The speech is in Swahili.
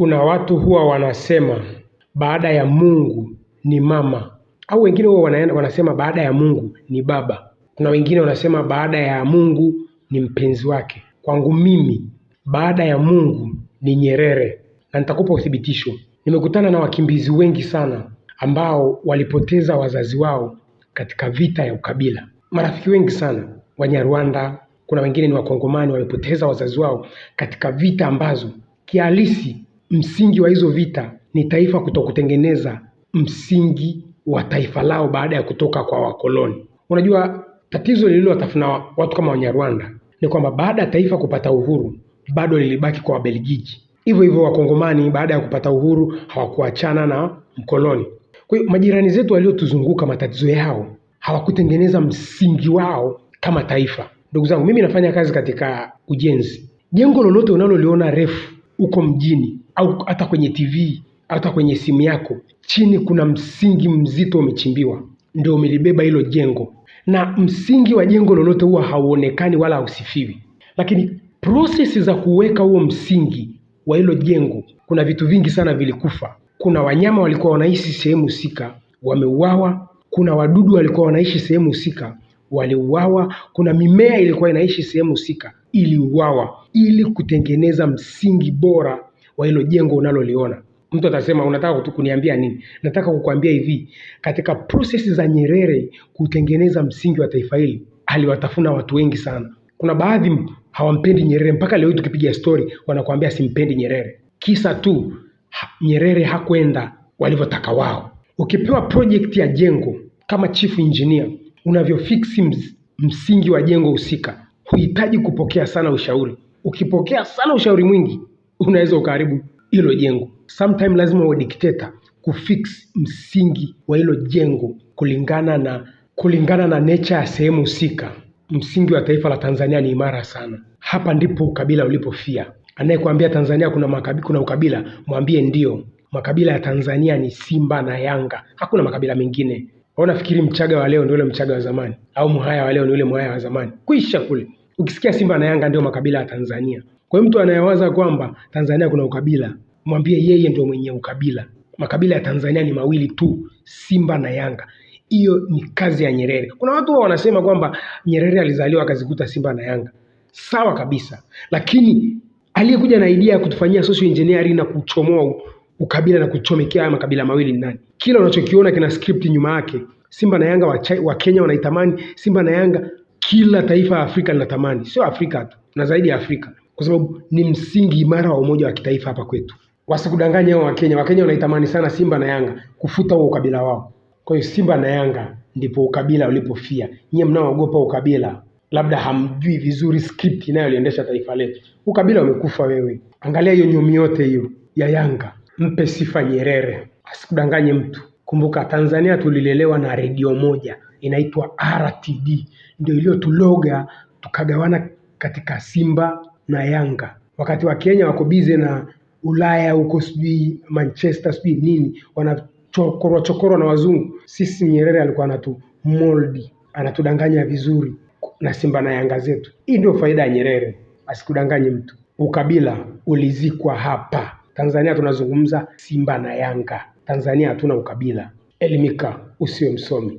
Kuna watu huwa wanasema baada ya Mungu ni mama, au wengine huwa wanasema baada ya Mungu ni baba. Kuna wengine wanasema baada ya Mungu ni mpenzi wake. Kwangu mimi baada ya Mungu ni Nyerere, na nitakupa uthibitisho. Nimekutana na wakimbizi wengi sana ambao walipoteza wazazi wao katika vita ya ukabila. Marafiki wengi sana Wanyarwanda, kuna wengine ni Wakongomani wamepoteza wazazi wao katika vita ambazo kihalisi msingi wa hizo vita ni taifa kutokutengeneza msingi wa taifa lao baada ya kutoka kwa wakoloni. Unajua, tatizo lililowatafuna watu kama Wanyarwanda ni kwamba baada ya taifa kupata uhuru bado lilibaki kwa Wabelgiji. Hivyo hivyo Wakongomani baada ya kupata uhuru hawakuachana na mkoloni. Kwa hiyo majirani zetu waliotuzunguka, matatizo yao hawakutengeneza msingi wao kama taifa. Ndugu zangu, mimi nafanya kazi katika ujenzi. Jengo lolote unaloliona refu uko mjini au hata kwenye TV hata kwenye simu yako, chini kuna msingi mzito umechimbiwa, ndio umelibeba hilo jengo, na msingi wa jengo lolote huwa hauonekani wala hausifiwi, lakini process za kuweka huo msingi wa hilo jengo, kuna vitu vingi sana vilikufa. Kuna wanyama walikuwa wanaishi sehemu husika wameuawa, kuna wadudu walikuwa wanaishi sehemu husika waliuawa, kuna mimea ilikuwa inaishi sehemu husika iliuawa ili kutengeneza msingi bora wa hilo jengo unaloliona. Mtu atasema unataka kuniambia nini? Nataka kukuambia hivi, katika prosesi za Nyerere kutengeneza msingi wa taifa hili aliwatafuna watu wengi sana. Kuna baadhi hawampendi Nyerere mpaka leo tukipiga stori wanakuambia simpendi Nyerere, kisa tu Nyerere hakwenda walivyotaka wao. Ukipewa project ya jengo kama chief engineer, unavyofix msingi wa jengo husika huhitaji kupokea sana ushauri. Ukipokea sana ushauri mwingi, unaweza ukaharibu hilo jengo. Sometime lazima uwe dikteta kufix msingi wa hilo jengo kulingana na kulingana na nature ya sehemu husika. Msingi wa taifa la Tanzania ni imara sana. Hapa ndipo ukabila ulipofia. Anayekuambia Tanzania kuna makabila, kuna ukabila, mwambie ndio makabila ya Tanzania ni Simba na Yanga, hakuna makabila mengine. Wao nafikiri Mchaga wa leo ndio ule Mchaga wa zamani, au Mhaya wa leo ni ule Mhaya wa zamani. Kuisha kule. Ukisikia Simba na Yanga ndio makabila ya Tanzania. Kwa hiyo mtu anayewaza kwamba Tanzania kuna ukabila, mwambie yeye ndio mwenye ukabila. Makabila ya Tanzania ni mawili tu, Simba na Yanga. Hiyo ni kazi ya Nyerere. Kuna watu wa wanasema kwamba Nyerere alizaliwa akazikuta Simba na Yanga, sawa kabisa, lakini aliyekuja na idea ya kutufanyia social engineering na kuchomoa ukabila na kuchomekea haya makabila mawili ni nani? Kila unachokiona kina script nyuma yake. Simba na Yanga wa, chai, wa Kenya wanaitamani Simba na Yanga kila taifa la Afrika linatamani, sio Afrika tu na zaidi ya Afrika, kwa sababu ni msingi imara wa umoja wa kitaifa hapa kwetu. Wasikudanganye hao Wakenya. Wakenya wanaitamani sana Simba na Yanga kufuta huo ukabila wao. Kwa hiyo Simba na Yanga ndipo ukabila ulipofia. Nyie mnaoogopa ukabila, labda hamjui vizuri script inayoliendesha taifa letu. Ukabila umekufa wewe. Angalia hiyo nyumi yote hiyo ya Yanga, mpe sifa Nyerere, asikudanganye mtu. Kumbuka Tanzania tulilelewa na redio moja inaitwa RTD, ndio iliyotuloga tukagawana katika Simba na Yanga. Wakati wa Kenya wako bize na Ulaya huko, sijui Manchester, sijui nini, wanachokorwa chokorwa na wazungu. Sisi Nyerere alikuwa anatu moldi, anatudanganya vizuri na Simba na Yanga zetu. Hii ndio faida ya Nyerere, asikudanganye mtu. Ukabila ulizikwa hapa Tanzania, tunazungumza Simba na Yanga. Tanzania hatuna ukabila. Elimika usiwe msomi.